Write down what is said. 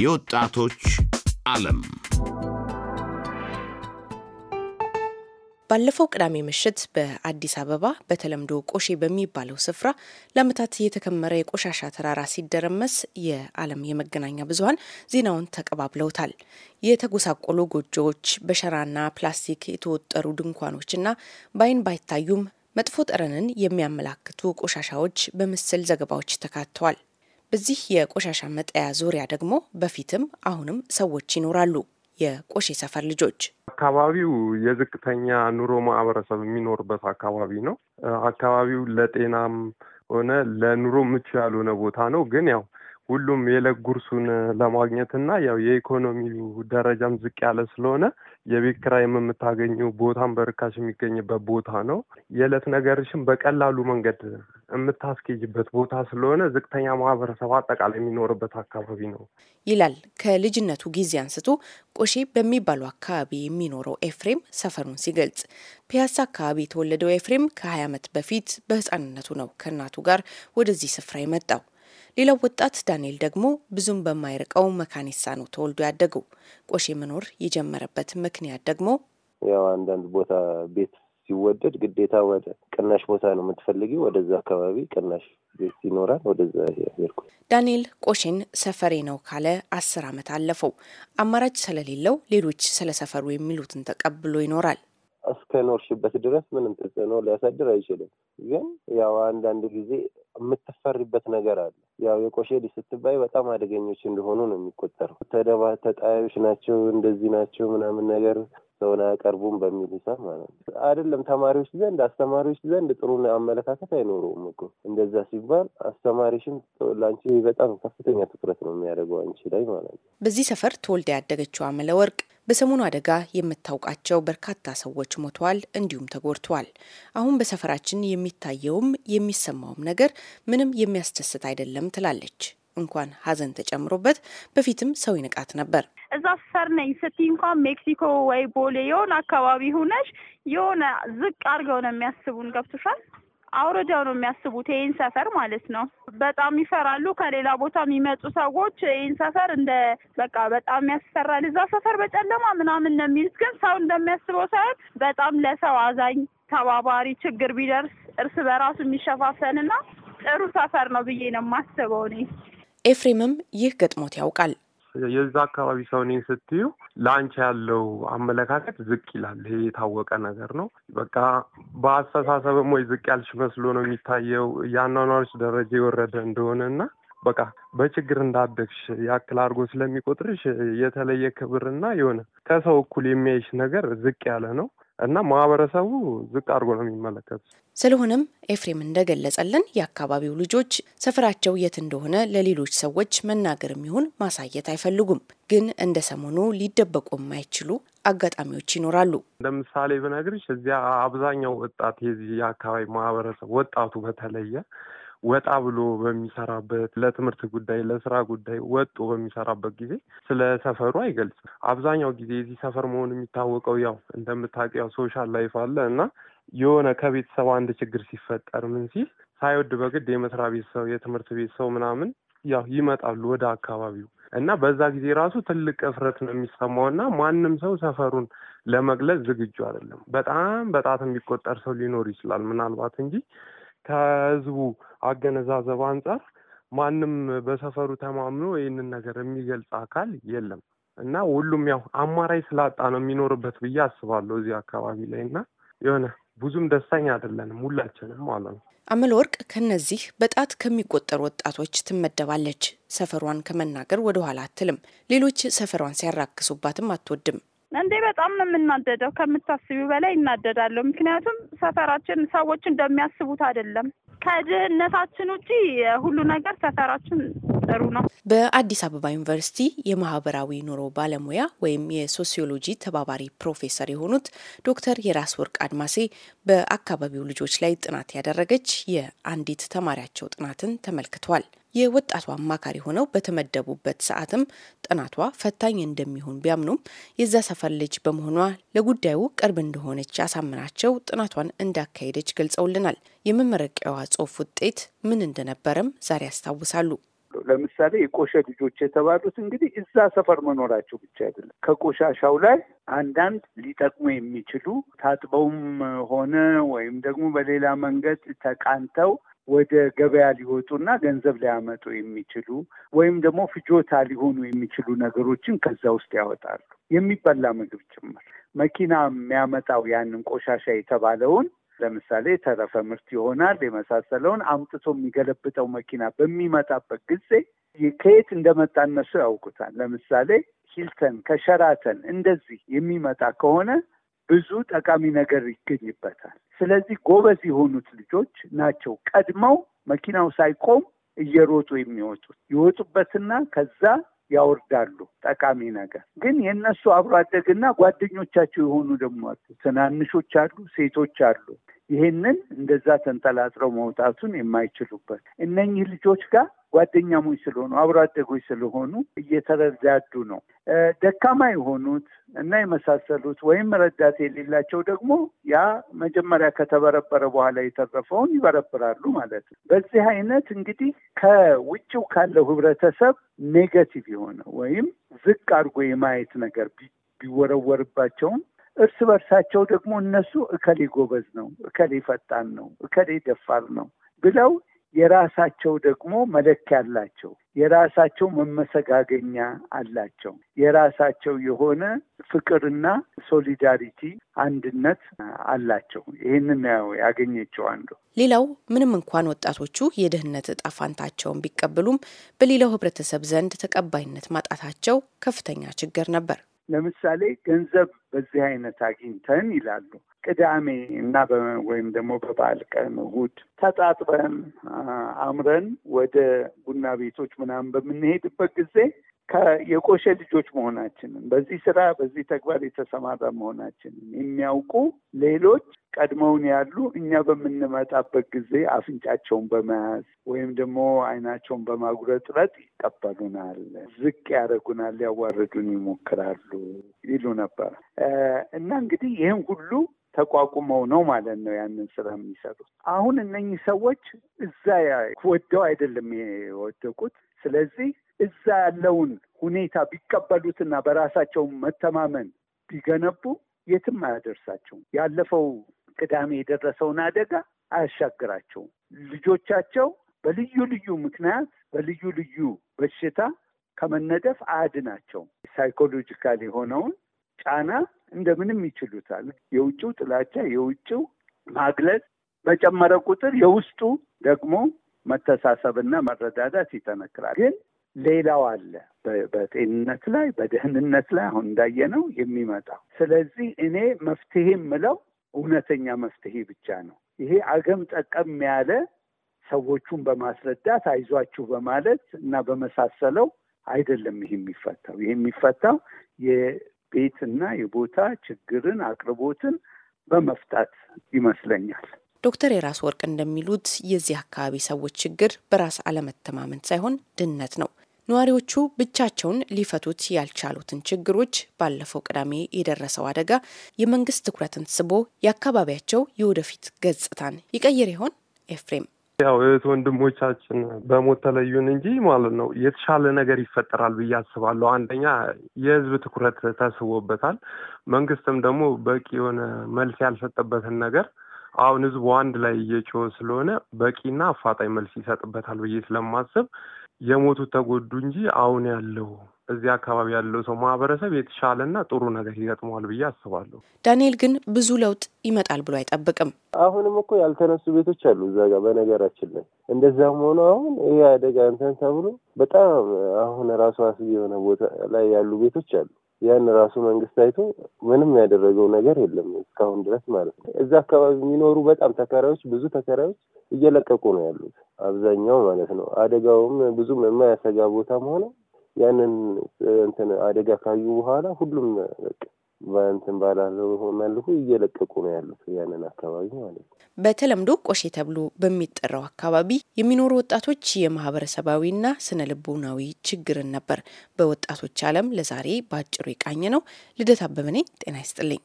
የወጣቶች ዓለም ባለፈው ቅዳሜ ምሽት በአዲስ አበባ በተለምዶ ቆሼ በሚባለው ስፍራ ለዓመታት የተከመረ የቆሻሻ ተራራ ሲደረመስ የዓለም የመገናኛ ብዙኃን ዜናውን ተቀባብለውታል። የተጎሳቆሉ ጎጆዎች፣ በሸራና ፕላስቲክ የተወጠሩ ድንኳኖችና በአይን ባይታዩም መጥፎ ጠረንን የሚያመላክቱ ቆሻሻዎች በምስል ዘገባዎች ተካተዋል። በዚህ የቆሻሻ መጣያ ዙሪያ ደግሞ በፊትም አሁንም ሰዎች ይኖራሉ። የቆሼ ሰፈር ልጆች አካባቢው የዝቅተኛ ኑሮ ማህበረሰብ የሚኖርበት አካባቢ ነው። አካባቢው ለጤናም ሆነ ለኑሮ ምቹ ያልሆነ ቦታ ነው። ግን ያው ሁሉም የለጉርሱን ጉርሱን ለማግኘትና ያው የኢኮኖሚው ደረጃም ዝቅ ያለ ስለሆነ የቤት ኪራይም የምታገኘው ቦታን በርካሽ የሚገኝበት ቦታ ነው። የዕለት ነገርሽም በቀላሉ መንገድ የምታስኬጅበት ቦታ ስለሆነ ዝቅተኛ ማህበረሰብ አጠቃላይ የሚኖርበት አካባቢ ነው ይላል። ከልጅነቱ ጊዜ አንስቶ ቆሼ በሚባለው አካባቢ የሚኖረው ኤፍሬም ሰፈሩን ሲገልጽ። ፒያሳ አካባቢ የተወለደው ኤፍሬም ከ20 ዓመት በፊት በህፃንነቱ ነው ከእናቱ ጋር ወደዚህ ስፍራ የመጣው። ሌላው ወጣት ዳንኤል ደግሞ ብዙም በማይርቀው መካኒሳ ነው ተወልዶ ያደገው። ቆሼ መኖር የጀመረበት ምክንያት ደግሞ ያው አንዳንድ ቦታ ቤት ሲወደድ ግዴታ ወደ ቅናሽ ቦታ ነው የምትፈልጊ። ወደዛ አካባቢ ቅናሽ ቤት ይኖራል። ወደዛ ሄድኩ። ዳንኤል ቆሼን ሰፈሬ ነው ካለ አስር አመት አለፈው። አማራጭ ስለሌለው ሌሎች ስለ ሰፈሩ የሚሉትን ተቀብሎ ይኖራል። እስከኖርሽበት ድረስ ምንም ተጽዕኖ ሊያሳድር አይችልም። ግን ያው አንዳንድ ጊዜ የምትፈሪበት ነገር አለ። ያው የቆሼ ስትባይ በጣም አደገኞች እንደሆኑ ነው የሚቆጠረው። ተደባ ተጣዮች ናቸው እንደዚህ ናቸው ምናምን ነገር ሰውን አያቀርቡም በሚል ሂሳብ ማለት ነው። አይደለም ተማሪዎች ዘንድ አስተማሪዎች ዘንድ ጥሩ አመለካከት አይኖረውም እኮ እንደዛ ሲባል አስተማሪሽም ለአንቺ በጣም ከፍተኛ ትኩረት ነው የሚያደርገው አንቺ ላይ ማለት ነው። በዚህ ሰፈር ተወልዳ ያደገችው አመለ ወርቅ በሰሞኑ አደጋ የምታውቃቸው በርካታ ሰዎች ሞተዋል፣ እንዲሁም ተጎድተዋል። አሁን በሰፈራችን የሚታየውም የሚሰማውም ነገር ምንም የሚያስደስት አይደለም ትላለች። እንኳን ሀዘን ተጨምሮበት በፊትም ሰው ይንቃት ነበር። እዛ ሰር ነኝ ስትይ እንኳን ሜክሲኮ ወይ ቦሌ የሆነ አካባቢ ሁነሽ የሆነ ዝቅ አድርገው ነው የሚያስቡን። ገብቶሻል? አውርደው ነው የሚያስቡት ይህን ሰፈር ማለት ነው። በጣም ይፈራሉ። ከሌላ ቦታ የሚመጡ ሰዎች ይህን ሰፈር እንደ በቃ በጣም ያስፈራል። እዛ ሰፈር በጨለማ ምናምን ነው የሚሉት። ግን ሰው እንደሚያስበው ሳይሆን በጣም ለሰው አዛኝ ተባባሪ፣ ችግር ቢደርስ እርስ በራሱ የሚሸፋፈንና ጥሩ ሰፈር ነው ብዬ ነው የማስበው እኔ። ኤፍሬምም ይህ ገጥሞት ያውቃል። የዛ አካባቢ ሰው እኔን ስትዩ ለአንቺ ያለው አመለካከት ዝቅ ይላል። ይሄ የታወቀ ነገር ነው። በቃ በአስተሳሰብም ወይ ዝቅ ያልሽ መስሎ ነው የሚታየው የአኗኗርሽ ደረጃ የወረደ እንደሆነ እና በቃ በችግር እንዳደግሽ ያክል አድርጎ ስለሚቆጥርሽ የተለየ ክብርና የሆነ ከሰው እኩል የሚያይሽ ነገር ዝቅ ያለ ነው። እና ማህበረሰቡ ዝቅ አድርጎ ነው የሚመለከቱ። ስለሆነም ኤፍሬም እንደገለጸልን የአካባቢው ልጆች ሰፈራቸው የት እንደሆነ ለሌሎች ሰዎች መናገር የሚሆን ማሳየት አይፈልጉም። ግን እንደ ሰሞኑ ሊደበቁ የማይችሉ አጋጣሚዎች ይኖራሉ። ለምሳሌ ብነግርሽ እዚያ አብዛኛው ወጣት የዚህ የአካባቢ ማህበረሰብ ወጣቱ በተለየ ወጣ ብሎ በሚሰራበት ለትምህርት ጉዳይ፣ ለስራ ጉዳይ ወጦ በሚሰራበት ጊዜ ስለ ሰፈሩ አይገልጽም። አብዛኛው ጊዜ የዚህ ሰፈር መሆኑ የሚታወቀው ያው ያው ሶሻል ላይፍ አለ እና የሆነ ከቤተሰብ አንድ ችግር ሲፈጠር ምን ሲል ሳይወድ በግድ የመስሪያ ቤት ሰው፣ የትምህርት ቤት ሰው ምናምን ያው ይመጣሉ ወደ አካባቢው እና በዛ ጊዜ ራሱ ትልቅ እፍረት ነው የሚሰማው እና ማንም ሰው ሰፈሩን ለመግለጽ ዝግጁ አይደለም። በጣም በጣት የሚቆጠር ሰው ሊኖር ይችላል ምናልባት እንጂ ከህዝቡ አገነዛዘብ አንጻር ማንም በሰፈሩ ተማምኖ ይህንን ነገር የሚገልጽ አካል የለም እና ሁሉም ያው አማራጭ ስላጣ ነው የሚኖርበት ብዬ አስባለሁ እዚህ አካባቢ ላይ እና የሆነ ብዙም ደስተኛ አይደለንም ሁላችንም ማለት ነው። አመል ወርቅ ከነዚህ በጣት ከሚቆጠሩ ወጣቶች ትመደባለች። ሰፈሯን ከመናገር ወደ ኋላ አትልም። ሌሎች ሰፈሯን ሲያራክሱባትም አትወድም። እንዴ በጣም ነው የምናደደው። ከምታስቢው በላይ እናደዳለሁ። ምክንያቱም ሰፈራችን ሰዎች እንደሚያስቡት አይደለም። ከድህነታችን ውጪ ሁሉ ነገር ሰፈራችን ጥሩ ነው። በአዲስ አበባ ዩኒቨርሲቲ የማህበራዊ ኑሮ ባለሙያ ወይም የሶሲዮሎጂ ተባባሪ ፕሮፌሰር የሆኑት ዶክተር የራስ ወርቅ አድማሴ በአካባቢው ልጆች ላይ ጥናት ያደረገች የአንዲት ተማሪያቸው ጥናትን ተመልክቷል። የወጣቷ አማካሪ ሆነው በተመደቡበት ሰዓትም ጥናቷ ፈታኝ እንደሚሆን ቢያምኑም የዛ ሰፈር ልጅ በመሆኗ ለጉዳዩ ቅርብ እንደሆነች ያሳምናቸው ጥናቷን እንዳካሄደች ገልጸውልናል። የመመረቂያዋ ጽሑፍ ውጤት ምን እንደነበረም ዛሬ ያስታውሳሉ። ለምሳሌ የቆሸ ልጆች የተባሉት እንግዲህ እዛ ሰፈር መኖራቸው ብቻ አይደለም። ከቆሻሻው ላይ አንዳንድ ሊጠቅሙ የሚችሉ ታጥበውም ሆነ ወይም ደግሞ በሌላ መንገድ ተቃንተው ወደ ገበያ ሊወጡ እና ገንዘብ ሊያመጡ የሚችሉ ወይም ደግሞ ፍጆታ ሊሆኑ የሚችሉ ነገሮችን ከዛ ውስጥ ያወጣሉ። የሚበላ ምግብ ጭምር መኪና የሚያመጣው ያንን ቆሻሻ የተባለውን ለምሳሌ ተረፈ ምርት ይሆናል የመሳሰለውን አምጥቶ የሚገለብጠው መኪና በሚመጣበት ጊዜ ከየት እንደመጣ እነሱ ያውቁታል። ለምሳሌ ሂልተን ከሸራተን እንደዚህ የሚመጣ ከሆነ ብዙ ጠቃሚ ነገር ይገኝበታል። ስለዚህ ጎበዝ የሆኑት ልጆች ናቸው ቀድመው መኪናው ሳይቆም እየሮጡ የሚወጡት ይወጡበትና ከዛ ያወርዳሉ። ጠቃሚ ነገር ግን የእነሱ አብሮ አደግና ጓደኞቻቸው የሆኑ ደግሞ ትናንሾች አሉ፣ ሴቶች አሉ። ይሄንን እንደዛ ተንጠላጥረው መውጣቱን የማይችሉበት እነኚህ ልጆች ጋር ጓደኛሞች ስለሆኑ አብሮ አደጎች ስለሆኑ እየተረዳዱ ነው። ደካማ የሆኑት እና የመሳሰሉት ወይም ረዳት የሌላቸው ደግሞ ያ መጀመሪያ ከተበረበረ በኋላ የተረፈውን ይበረብራሉ ማለት ነው። በዚህ አይነት እንግዲህ ከውጭው ካለው ህብረተሰብ ኔጋቲቭ የሆነ ወይም ዝቅ አድርጎ የማየት ነገር ቢወረወርባቸውም እርስ በርሳቸው ደግሞ እነሱ እከሌ ጎበዝ ነው፣ እከሌ ፈጣን ነው፣ እከሌ ደፋር ነው ብለው የራሳቸው ደግሞ መለኪያ አላቸው። የራሳቸው መመሰጋገኛ አላቸው። የራሳቸው የሆነ ፍቅርና ሶሊዳሪቲ አንድነት አላቸው። ይህንን ያው ያገኘችው አንዱ። ሌላው ምንም እንኳን ወጣቶቹ የድህነት እጣ ፋንታቸውን ቢቀበሉም በሌላው ህብረተሰብ ዘንድ ተቀባይነት ማጣታቸው ከፍተኛ ችግር ነበር። ለምሳሌ ገንዘብ በዚህ አይነት አግኝተን ይላሉ ቅዳሜ እና ወይም ደግሞ በበዓል ቀን እሁድ ተጣጥበን አምረን ወደ ቡና ቤቶች ምናምን በምንሄድበት ጊዜ የቆሸ ልጆች መሆናችንን በዚህ ስራ በዚህ ተግባር የተሰማራ መሆናችንን የሚያውቁ ሌሎች ቀድመውን ያሉ እኛ በምንመጣበት ጊዜ አፍንጫቸውን በመያዝ ወይም ደግሞ አይናቸውን በማጉረጥረጥ ይቀበሉናል፣ ዝቅ ያደረጉናል፣ ሊያዋርዱን ይሞክራሉ ይሉ ነበር እና እንግዲህ ይህን ሁሉ ተቋቁመው ነው ማለት ነው ያንን ስራ የሚሰሩት። አሁን እነኚህ ሰዎች እዛ ወደው አይደለም የወደቁት። ስለዚህ እዛ ያለውን ሁኔታ ቢቀበሉትና በራሳቸው መተማመን ቢገነቡ የትም አያደርሳቸውም። ያለፈው ቅዳሜ የደረሰውን አደጋ አያሻግራቸውም። ልጆቻቸው በልዩ ልዩ ምክንያት በልዩ ልዩ በሽታ ከመነደፍ አያድናቸውም። ሳይኮሎጂካል የሆነውን ጫና እንደምንም ይችሉታል። የውጭው ጥላቻ፣ የውጭው ማግለጽ በጨመረ ቁጥር የውስጡ ደግሞ መተሳሰብና መረዳዳት ይጠነክራል ግን ሌላው አለ በጤንነት ላይ በደህንነት ላይ አሁን እንዳየነው የሚመጣው። ስለዚህ እኔ መፍትሄ የምለው እውነተኛ መፍትሄ ብቻ ነው። ይሄ አገም ጠቀም ያለ ሰዎቹን በማስረዳት አይዟችሁ በማለት እና በመሳሰለው አይደለም። ይሄ የሚፈታው ይሄ የሚፈታው የቤትና የቦታ ችግርን አቅርቦትን በመፍታት ይመስለኛል። ዶክተር የራስ ወርቅ እንደሚሉት የዚህ አካባቢ ሰዎች ችግር በራስ አለመተማመን ሳይሆን ድህነት ነው። ነዋሪዎቹ ብቻቸውን ሊፈቱት ያልቻሉትን ችግሮች ባለፈው ቅዳሜ የደረሰው አደጋ የመንግስት ትኩረትን ስቦ የአካባቢያቸው የወደፊት ገጽታን ይቀይር ይሆን? ኤፍሬም ያው እህት ወንድሞቻችን በሞት ተለዩን እንጂ ማለት ነው የተሻለ ነገር ይፈጠራል ብዬ አስባለሁ። አንደኛ የህዝብ ትኩረት ተስቦበታል። መንግስትም ደግሞ በቂ የሆነ መልስ ያልሰጠበትን ነገር አሁን ህዝቡ አንድ ላይ እየጮኸ ስለሆነ በቂና አፋጣኝ መልስ ይሰጥበታል ብዬ ስለማስብ የሞቱት ተጎዱ እንጂ አሁን ያለው እዚህ አካባቢ ያለው ሰው ማህበረሰብ የተሻለና ጥሩ ነገር ይገጥመዋል ብዬ አስባለሁ። ዳንኤል ግን ብዙ ለውጥ ይመጣል ብሎ አይጠብቅም። አሁንም እኮ ያልተነሱ ቤቶች አሉ እዛ ጋር በነገራችን ላይ እንደዛም ሆኖ አሁን ይህ አደጋ እንትን ተብሎ በጣም አሁን ራሱ አስጊ የሆነ ቦታ ላይ ያሉ ቤቶች አሉ። ያን ራሱ መንግስት አይቶ ምንም ያደረገው ነገር የለም እስካሁን ድረስ ማለት ነው። እዛ አካባቢ የሚኖሩ በጣም ተከራዮች፣ ብዙ ተከራዮች እየለቀቁ ነው ያሉት አብዛኛው ማለት ነው። አደጋውም ብዙም የማያሰጋ ቦታም ሆነ ያንን እንትን አደጋ ካዩ በኋላ ሁሉም በእንትን ባላለው መልኩ እየለቀቁ ነው ያሉት ያንን አካባቢ ማለት ነው። በተለምዶ ቆሼ ተብሎ በሚጠራው አካባቢ የሚኖሩ ወጣቶች የማህበረሰባዊና ስነ ልቦናዊ ችግርን ነበር በወጣቶች ዓለም ለዛሬ በአጭሩ የቃኘ ነው። ልደት አበበ ነኝ። ጤና ይስጥልኝ።